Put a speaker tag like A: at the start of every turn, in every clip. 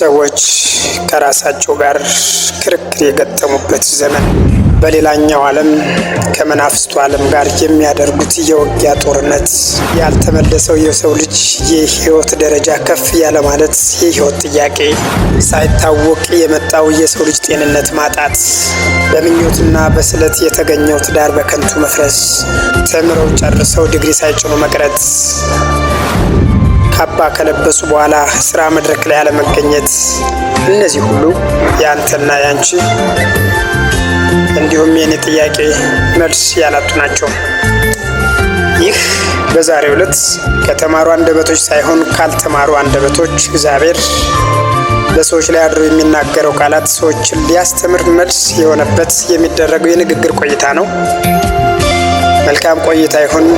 A: ሰዎች ከራሳቸው ጋር ክርክር የገጠሙበት ዘመን፣ በሌላኛው ዓለም ከመናፍስቱ ዓለም ጋር የሚያደርጉት የውጊያ ጦርነት፣ ያልተመለሰው የሰው ልጅ የህይወት ደረጃ ከፍ ያለ ማለት የህይወት ጥያቄ፣ ሳይታወቅ የመጣው የሰው ልጅ ጤንነት ማጣት፣ በምኞትና በስለት የተገኘው ትዳር በከንቱ መፍረስ፣ ተምረው ጨርሰው ድግሪ ሳይጭኑ መቅረት ካባ ከለበሱ በኋላ ስራ መድረክ ላይ አለመገኘት፣ እነዚህ ሁሉ የአንተና የአንቺ እንዲሁም የእኔ ጥያቄ መልስ ያላጡ ናቸው። ይህ በዛሬው ዕለት ከተማሩ አንደበቶች ሳይሆን ካልተማሩ አንደበቶች እግዚአብሔር በሰዎች ላይ አድሮ የሚናገረው ቃላት ሰዎችን ሊያስተምር መልስ የሆነበት የሚደረገው የንግግር ቆይታ ነው። መልካም ቆይታ ይሁን።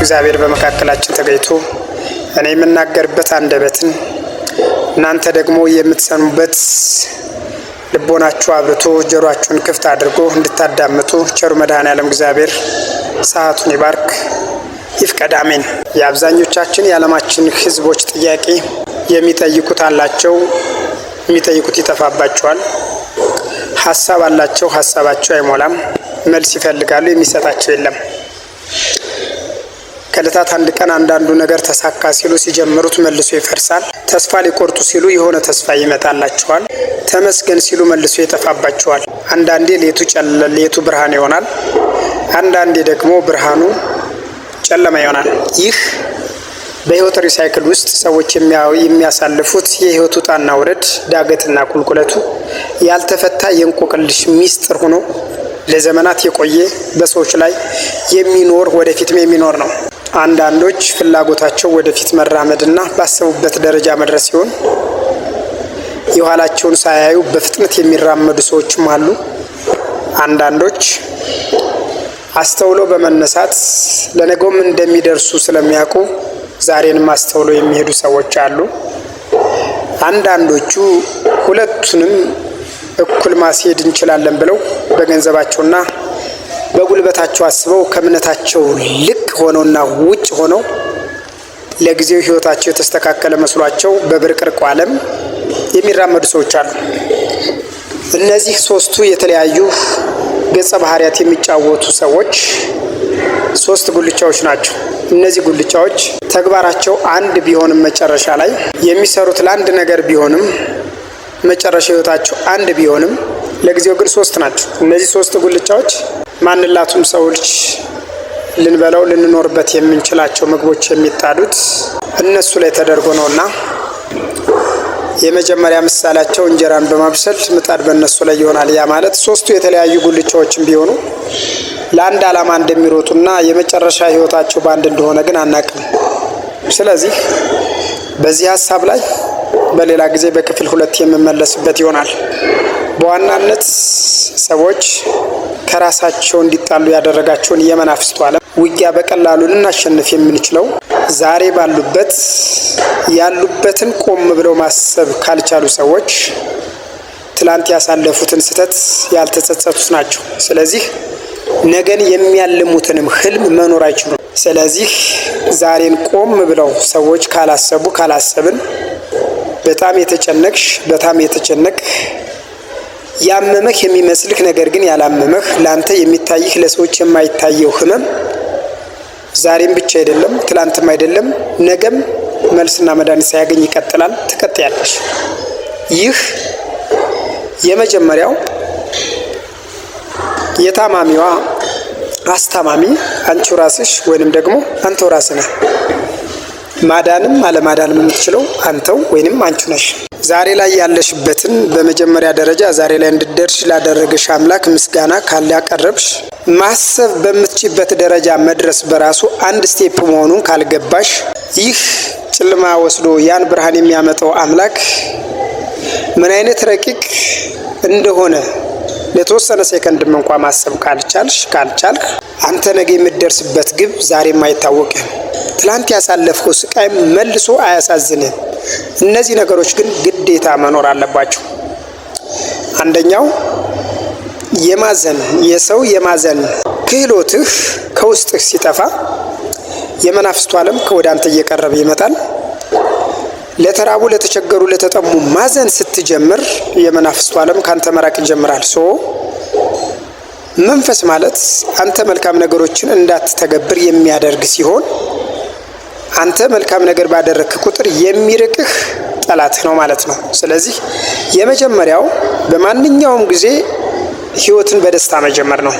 A: እግዚአብሔር በመካከላችን ተገኝቶ እኔ የምናገርበት አንደበትን እናንተ ደግሞ የምትሰኑበት ልቦናችሁ አብርቶ ጆሮአችሁን ክፍት አድርጎ እንድታዳምጡ ቸሩ መድኃኔዓለም እግዚአብሔር ሰዓቱን ይባርክ ይፍቀድ፣ አሜን። የአብዛኞቻችን የዓለማችን ሕዝቦች ጥያቄ የሚጠይቁት አላቸው፣ የሚጠይቁት ይጠፋባቸዋል። ሀሳብ አላቸው፣ ሀሳባቸው አይሞላም። መልስ ይፈልጋሉ፣ የሚሰጣቸው የለም። ከእለታት አንድ ቀን አንዳንዱ ነገር ተሳካ ሲሉ ሲጀምሩት መልሶ ይፈርሳል። ተስፋ ሊቆርጡ ሲሉ የሆነ ተስፋ ይመጣላቸዋል። ተመስገን ሲሉ መልሶ ይጠፋባቸዋል። አንዳንዴ ሌቱ ጨለ ሌቱ ብርሃን ይሆናል፣ አንዳንዴ ደግሞ ብርሃኑ ጨለማ ይሆናል። ይህ በህይወት ሪሳይክል ውስጥ ሰዎች የሚያሳልፉት የህይወት ውጣና ውረድ፣ ዳገትና ቁልቁለቱ ያልተፈታ የእንቆቅልሽ ሚስጥር ሆኖ ለዘመናት የቆየ በሰዎች ላይ የሚኖር ወደፊትም የሚኖር ነው። አንዳንዶች ፍላጎታቸው ወደፊት መራመድና ባሰቡበት ደረጃ መድረስ ሲሆን የኋላቸውን ሳያዩ በፍጥነት የሚራመዱ ሰዎችም አሉ። አንዳንዶች አስተውሎ በመነሳት ለነገውም እንደሚደርሱ ስለሚያውቁ ዛሬንም አስተውሎ የሚሄዱ ሰዎች አሉ። አንዳንዶቹ ሁለቱንም እኩል ማስሄድ እንችላለን ብለው በገንዘባቸውና በጉልበታቸው አስበው ከእምነታቸው ልቅ ሆነውና ውጭ ሆነው ለጊዜው ህይወታቸው የተስተካከለ መስሏቸው በብርቅርቁ ዓለም የሚራመዱ ሰዎች አሉ። እነዚህ ሶስቱ የተለያዩ ገጸ ባህሪያት የሚጫወቱ ሰዎች ሶስት ጉልቻዎች ናቸው። እነዚህ ጉልቻዎች ተግባራቸው አንድ ቢሆንም መጨረሻ ላይ የሚሰሩት ለአንድ ነገር ቢሆንም መጨረሻ ህይወታቸው አንድ ቢሆንም ለጊዜው ግን ሶስት ናቸው። እነዚህ ሶስት ጉልቻዎች ማንላቱም ሰው ልጅ ልንበላው ልንኖርበት የምንችላቸው ምግቦች የሚጣዱት እነሱ ላይ ተደርጎ ነውና የመጀመሪያ ምሳሌያቸው እንጀራን በማብሰል ምጣድ በእነሱ ላይ ይሆናል። ያ ማለት ሶስቱ የተለያዩ ጉልቻዎችን ቢሆኑ ለአንድ ዓላማ እንደሚሮጡና የመጨረሻ ህይወታቸው በአንድ እንደሆነ ግን አናቅም። ስለዚህ በዚህ ሀሳብ ላይ በሌላ ጊዜ በክፍል ሁለት የምመለስበት ይሆናል። በዋናነት ሰዎች ከራሳቸው እንዲጣሉ ያደረጋቸውን የመናፍስቱ ዓለም ውጊያ በቀላሉ ልናሸንፍ የምንችለው ዛሬ ባሉበት ያሉበትን ቆም ብለው ማሰብ ካልቻሉ ሰዎች ትላንት ያሳለፉትን ስህተት ያልተጸጸቱት ናቸው። ስለዚህ ነገን የሚያልሙትንም ህልም መኖር አይችሉም። ስለዚህ ዛሬን ቆም ብለው ሰዎች ካላሰቡ ካላሰብን በጣም የተጨነቅሽ በጣም የተጨነቅ ያመመህ የሚመስልህ ነገር ግን ያላመመህ ለአንተ የሚታይህ ለሰዎች የማይታየው ህመም ዛሬም ብቻ አይደለም፣ ትላንትም አይደለም፣ ነገም መልስና መድኃኒት ሳያገኝ ይቀጥላል። ትቀጥያለሽ። ይህ የመጀመሪያው የታማሚዋ አስታማሚ አንቺው ራስሽ ወይንም ደግሞ አንተው ራስ ነህ። ማዳንም አለማዳንም የምትችለው አንተው ወይንም አንቺ ነሽ። ዛሬ ላይ ያለሽበትን በመጀመሪያ ደረጃ ዛሬ ላይ እንድደርሽ ላደረገሽ አምላክ ምስጋና ካላቀረብሽ ማሰብ በምትችበት ደረጃ መድረስ በራሱ አንድ ስቴፕ መሆኑን ካልገባሽ ይህ ጨለማ ወስዶ ያን ብርሃን የሚያመጣው አምላክ ምን አይነት ረቂቅ እንደሆነ ለተወሰነ ሴከንድም እንኳ ማሰብ ካልቻልሽ ካልቻልክ አንተ ነገ የምትደርስበት ግብ ዛሬም አይታወቅም። ትላንት ያሳለፍከው ስቃይ መልሶ አያሳዝንም። እነዚህ ነገሮች ግን ግዴታ መኖር አለባቸው። አንደኛው የማዘን የሰው የማዘን ክህሎትህ ከውስጥህ ሲጠፋ የመናፍስቱ ዓለም ከወደ አንተ እየቀረበ ይመጣል። ለተራቡ ለተቸገሩ ለተጠሙ ማዘን ስትጀምር የመናፍስቱ ዓለም ከአንተ መራቅ ይጀምራል። ሶ መንፈስ ማለት አንተ መልካም ነገሮችን እንዳትተገብር የሚያደርግ ሲሆን አንተ መልካም ነገር ባደረግክ ቁጥር የሚርቅህ ጠላትህ ነው ማለት ነው። ስለዚህ የመጀመሪያው በማንኛውም ጊዜ ህይወትን በደስታ መጀመር ነው።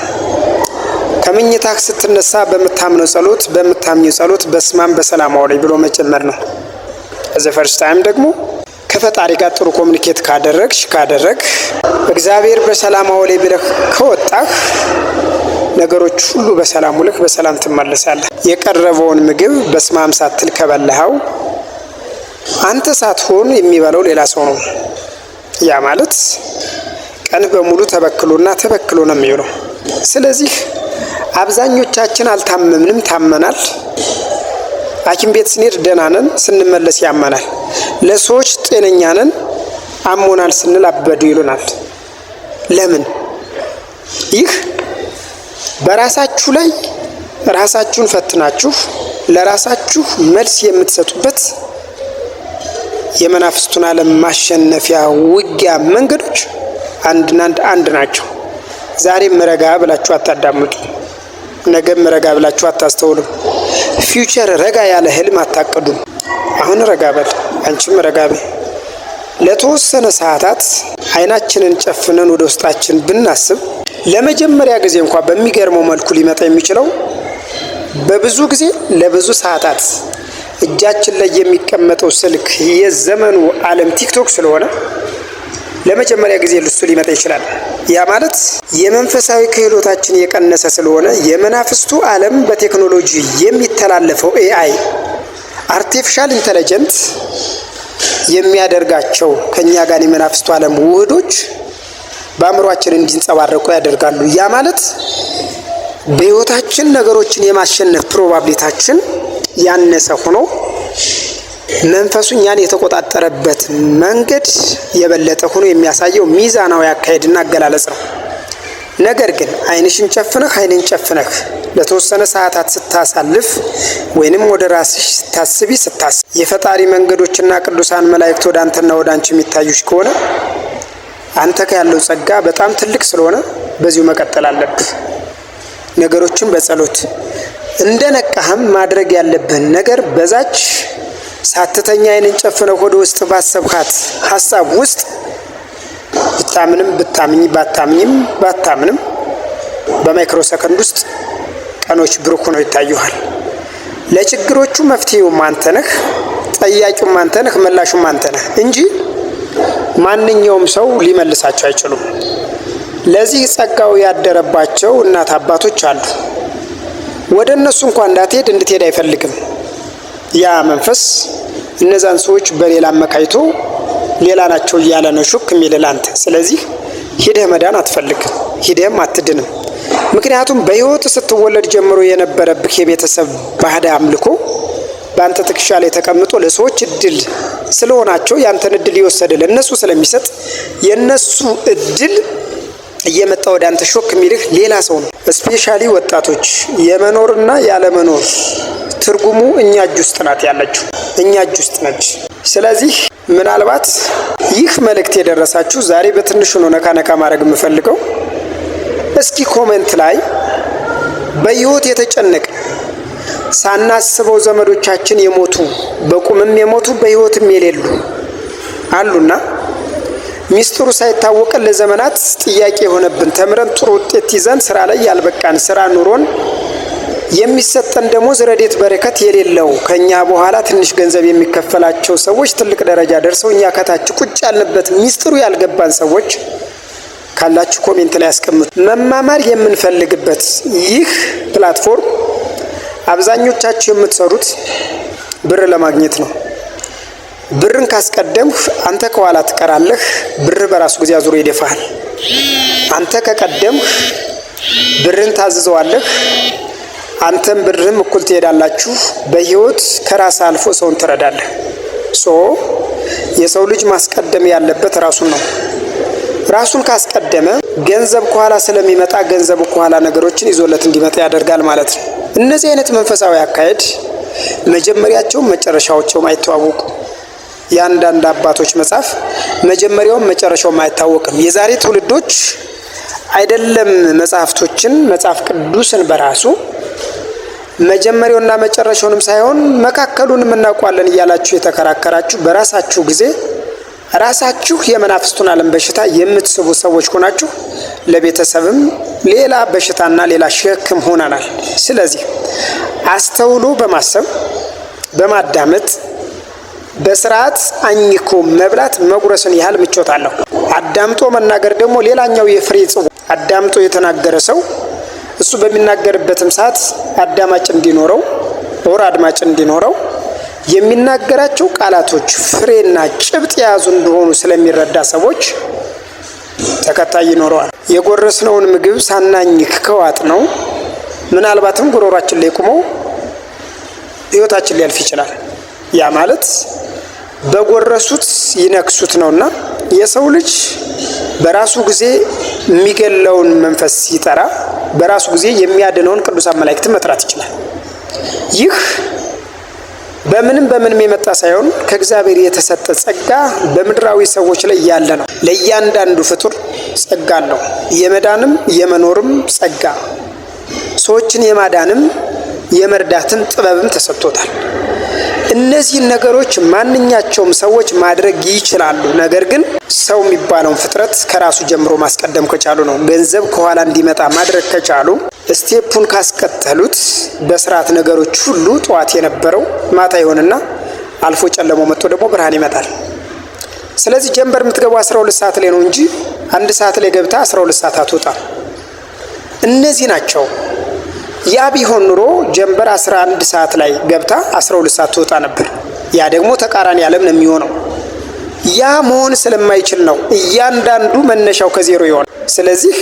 A: ከምኝታህ ስትነሳ በምታምነው ጸሎት፣ በምታምኘው ጸሎት በስማም በሰላም አውለኝ ብሎ መጀመር ነው። ዘ ፈርስት ታይም ደግሞ ከፈጣሪ ጋር ጥሩ ኮሚኒኬት ካደረግሽ ካደረግ እግዚአብሔር በሰላም አወለ ብለህ ከወጣህ ነገሮች ሁሉ በሰላም ውለህ በሰላም ትመለሳለህ። የቀረበውን ምግብ በስማም ሳትል ከበላኸው አንተ ሳትሆን የሚበላው ሌላ ሰው ነው። ያ ማለት ቀን በሙሉ ተበክሎና ተበክሎ ነው የሚውለው። ስለዚህ አብዛኞቻችን አልታመምንም፣ ታመናል። ሐኪም ቤት ስንሄድ ደህና ነን፣ ስንመለስ ያመናል። ለሰዎች ጤነኛ ነን፣ አሞናል ስንል አበዱ ይሉናል። ለምን? ይህ በራሳችሁ ላይ ራሳችሁን ፈትናችሁ ለራሳችሁ መልስ የምትሰጡበት የመናፍስቱን ዓለም ማሸነፊያ ውጊያ መንገዶች አንድና አንድ አንድ ናቸው። ዛሬም ረጋ ብላችሁ አታዳምጡ፣ ነገም ረጋ ብላችሁ አታስተውሉም? ፊውቸር ረጋ ያለ ህልም አታቅዱም። አሁን ረጋ በል አንቺም ረጋ በይ። ለተወሰነ ሰዓታት አይናችንን ጨፍነን ወደ ውስጣችን ብናስብ ለመጀመሪያ ጊዜ እንኳ በሚገርመው መልኩ ሊመጣ የሚችለው በብዙ ጊዜ ለብዙ ሰዓታት እጃችን ላይ የሚቀመጠው ስልክ የዘመኑ ዓለም ቲክቶክ ስለሆነ ለመጀመሪያ ጊዜ ልሱ ሊመጣ ይችላል። ያ ማለት የመንፈሳዊ ክህሎታችን የቀነሰ ስለሆነ የመናፍስቱ ዓለም በቴክኖሎጂ የሚተላለፈው ኤአይ አርቲፊሻል ኢንተለጀንት የሚያደርጋቸው ከእኛ ጋር የመናፍስቱ ዓለም ውህዶች በአእምሯችን እንዲንጸባረቁ ያደርጋሉ። ያ ማለት በሕይወታችን ነገሮችን የማሸነፍ ፕሮባብሊታችን ያነሰ ሆኖ መንፈሱ እኛን የተቆጣጠረበት መንገድ የበለጠ ሆኖ የሚያሳየው ሚዛናዊ አካሄድና አገላለጽ ነው። ነገር ግን አይንሽን ጨፍነህ አይንን ጨፍነህ ለተወሰነ ሰዓታት ስታሳልፍ ወይንም ወደ ራስሽ ስታስቢ ስታስ የፈጣሪ መንገዶችና ቅዱሳን መላእክት ወደ አንተና ወደ አንቺ የሚታዩሽ ከሆነ አንተ ያለው ጸጋ በጣም ትልቅ ስለሆነ በዚሁ መቀጠል አለብህ። ነገሮችን በጸሎት እንደ ነቃህም ማድረግ ያለብህን ነገር በዛች ሳትተኛ አይንን ጨፍነው ሆድ ውስጥ ባሰብካት ሀሳብ ውስጥ ብታምንም ብታምኝ ባታምኝም ባታምንም በማይክሮ ሰከንድ ውስጥ ቀኖች ብሩክ ሆነው ይታዩሃል። ለችግሮቹ መፍትሄውም አንተ ነህ፣ ጠያቂውም አንተ ነህ፣ መላሹም አንተ ነህ እንጂ ማንኛውም ሰው ሊመልሳቸው አይችሉም። ለዚህ ጸጋው ያደረባቸው እናት አባቶች አሉ። ወደ እነሱ እንኳን እንዳትሄድ እንድትሄድ አይፈልግም። ያ መንፈስ እነዛን ሰዎች በሌላ አመካይቶ ሌላ ናቸው እያለ ነው ሹክ የሚል ላንተ። ስለዚህ ሂደህ መዳን አትፈልግ፣ ሂደህም አትድንም። ምክንያቱም በህይወት ስትወለድ ጀምሮ የነበረብህ የቤተሰብ ባህደ አምልኮ በአንተ ትከሻ ላይ ተቀምጦ ለሰዎች እድል ስለሆናቸው ያንተን እድል ይወሰድ ለእነሱ ስለሚሰጥ የእነሱ እድል እየመጣ ወደ አንተ ሾክ የሚልህ ሌላ ሰው ነው። እስፔሻሊ ወጣቶች የመኖርና ያለመኖር ትርጉሙ እኛ እጅ ውስጥ ናት ያለችው እኛ እጅ ውስጥ ነች። ስለዚህ ምናልባት ይህ መልእክት የደረሳችሁ ዛሬ በትንሹ ነው ነካ ነካ ማድረግ የምፈልገው። እስኪ ኮመንት ላይ በህይወት የተጨነቀ ሳናስበው ዘመዶቻችን የሞቱ በቁምም የሞቱ በህይወትም የሌሉ አሉና ሚስጥሩ ሳይታወቀን ለዘመናት ጥያቄ የሆነብን ተምረን ጥሩ ውጤት ይዘን ስራ ላይ ያልበቃን ስራ ኑሮን የሚሰጠን ደሞዝ ዝረዴት በረከት የሌለው ከኛ በኋላ ትንሽ ገንዘብ የሚከፈላቸው ሰዎች ትልቅ ደረጃ ደርሰው እኛ ከታች ቁጭ ያልንበት ሚስጥሩ ያልገባን ሰዎች ካላችሁ ኮሜንት ላይ ያስቀምጡ። መማማር የምንፈልግበት ይህ ፕላትፎርም አብዛኞቻችሁ የምትሰሩት ብር ለማግኘት ነው። ብርን ካስቀደምህ አንተ ከኋላ ትቀራለህ። ብር በራሱ ጊዜ አዙሮ ይደፋሃል። አንተ ከቀደምህ ብርን ታዝዘዋለህ። አንተም ብርህም እኩል ትሄዳላችሁ። በህይወት ከራስ አልፎ ሰውን ትረዳለህ። ሶ የሰው ልጅ ማስቀደም ያለበት ራሱን ነው። ራሱን ካስቀደመ ገንዘብ ከኋላ ስለሚመጣ ገንዘቡ ከኋላ ነገሮችን ይዞለት እንዲመጣ ያደርጋል ማለት ነው። እነዚህ አይነት መንፈሳዊ አካሄድ መጀመሪያቸውም መጨረሻዎቸውም አይተዋወቁ የአንዳንድ አባቶች መጽሐፍ መጀመሪያውም መጨረሻውም አይታወቅም። የዛሬ ትውልዶች አይደለም መጽሐፍቶችን መጽሐፍ ቅዱስን በራሱ መጀመሪያውና መጨረሻውንም ሳይሆን መካከሉንም እናውቋለን እያላችሁ የተከራከራችሁ በራሳችሁ ጊዜ ራሳችሁ የመናፍስቱን ዓለም በሽታ የምትስቡ ሰዎች ሆናችሁ ለቤተሰብም ሌላ በሽታና ሌላ ሸክም ሆናናል። ስለዚህ አስተውሎ በማሰብ በማዳመጥ በስርዓት አኝኮ መብላት መጉረስን ያህል ምቾት አለው። አዳምጦ መናገር ደግሞ ሌላኛው የፍሬ ጽዋ። አዳምጦ የተናገረ ሰው እሱ በሚናገርበትም ሰዓት አዳማጭ እንዲኖረው ወር አድማጭ እንዲኖረው የሚናገራቸው ቃላቶች ፍሬና ጭብጥ የያዙ እንደሆኑ ስለሚረዳ ሰዎች ተከታይ ይኖረዋል። የጎረስነውን ምግብ ሳናኝክ ከዋጥ ነው ምናልባትም ጉሮሯችን ላይ ቁመው ህይወታችን ሊያልፍ ይችላል። ያ ማለት በጎረሱት ይነክሱት ነውና የሰው ልጅ በራሱ ጊዜ የሚገለውን መንፈስ ሲጠራ በራሱ ጊዜ የሚያድነውን ቅዱሳን መላእክትን መጥራት ይችላል። ይህ በምንም በምንም የመጣ ሳይሆን ከእግዚአብሔር የተሰጠ ጸጋ በምድራዊ ሰዎች ላይ ያለ ነው። ለእያንዳንዱ ፍጡር ጸጋ አለው። የመዳንም የመኖርም ጸጋ ሰዎችን የማዳንም የመርዳትን ጥበብም ተሰጥቶታል። እነዚህን ነገሮች ማንኛቸውም ሰዎች ማድረግ ይችላሉ። ነገር ግን ሰው የሚባለውን ፍጥረት ከራሱ ጀምሮ ማስቀደም ከቻሉ ነው። ገንዘብ ከኋላ እንዲመጣ ማድረግ ከቻሉ ስቴፑን ካስቀጠሉት በስርዓት ነገሮች ሁሉ ጠዋት የነበረው ማታ ይሆንና አልፎ ጨለሞ መጥቶ ደግሞ ብርሃን ይመጣል። ስለዚህ ጀንበር የምትገቡ 12 ሰዓት ላይ ነው እንጂ አንድ ሰዓት ላይ ገብታ 12 ሰዓት አትወጣም። እነዚህ ናቸው ያ ቢሆን ኑሮ ጀንበር 11 ሰዓት ላይ ገብታ 12 ሰዓት ትወጣ ነበር። ያ ደግሞ ተቃራኒ ዓለም ነው የሚሆነው። ያ መሆን ስለማይችል ነው እያንዳንዱ መነሻው ከዜሮ ይሆን። ስለዚህ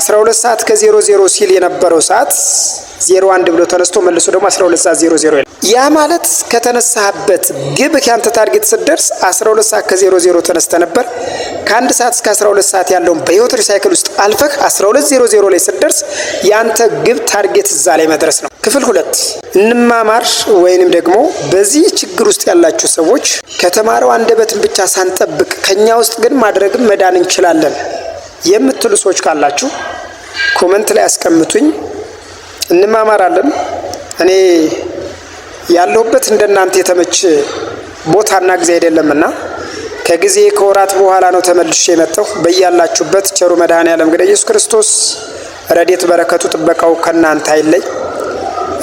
A: 12 ሰዓት ከዜሮ ዜሮ ሲል የነበረው ሰዓት 01 ብሎ ተነስቶ መልሶ ደግሞ 12 ሰዓት ያ ማለት ከተነሳህበት ግብ ከአንተ ታርጌት ስትደርስ 12 ሰዓት ከ00 ተነስተ ነበር። ከአንድ ሰዓት እስከ 12 ሰዓት ያለውን በህይወት ሪሳይክል ውስጥ አልፈህ 1200 ላይ ስትደርስ የአንተ ግብ ታርጌት እዛ ላይ መድረስ ነው። ክፍል ሁለት እንማማር ወይንም ደግሞ በዚህ ችግር ውስጥ ያላችሁ ሰዎች ከተማረው አንደበትን ብቻ ሳንጠብቅ ከኛ ውስጥ ግን ማድረግም መዳን እንችላለን የምትሉ ሰዎች ካላችሁ ኮመንት ላይ አስቀምጡኝ። እንማማራለን እኔ ያለሁበት እንደናንተ የተመች ቦታና ጊዜ አይደለምና ከጊዜ ከወራት በኋላ ነው ተመልሼ የመጣሁ። በያላችሁበት ቸሩ መድኃኔዓለም እንግዲህ ኢየሱስ ክርስቶስ ረዴት በረከቱ ጥበቃው ከእናንተ አይለይ።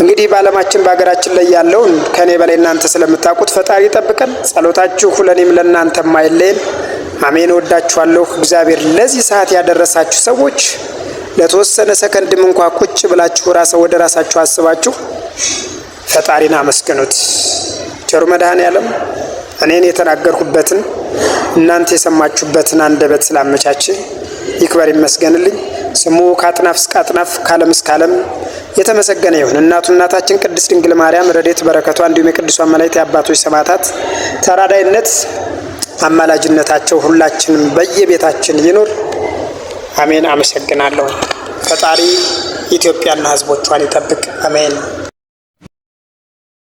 A: እንግዲህ በዓለማችን በሀገራችን ላይ ያለውን ከእኔ በላይ እናንተ ስለምታውቁት ፈጣሪ ይጠብቀን። ጸሎታችሁ ለእኔም ለእናንተም አይለየን። አሜን። ወዳችኋለሁ። እግዚአብሔር ለዚህ ሰዓት ያደረሳችሁ ሰዎች ለተወሰነ ሰከንድም እንኳ ቁጭ ብላችሁ ራሰ ወደ ራሳችሁ አስባችሁ ፈጣሪን አመስግኑት። ቸሩ መድኃኔዓለም እኔን የተናገርኩበትን እናንተ የሰማችሁበትን አንደበት ስላመቻች ይክበር ይመስገንልኝ። ስሙ ከአጥናፍ እስከ አጥናፍ ከዓለም እስከ ዓለም የተመሰገነ ይሁን። እናቱ እናታችን ቅድስት ድንግል ማርያም ረድኤት በረከቷ እንዲሁም የቅዱሳን መላእክት የአባቶች ሰማዕታት ተራዳይነት አማላጅነታቸው ሁላችንም በየቤታችን ይኑር። አሜን። አመሰግናለሁ። ፈጣሪ ኢትዮጵያና ሕዝቦቿን ይጠብቅ። አሜን።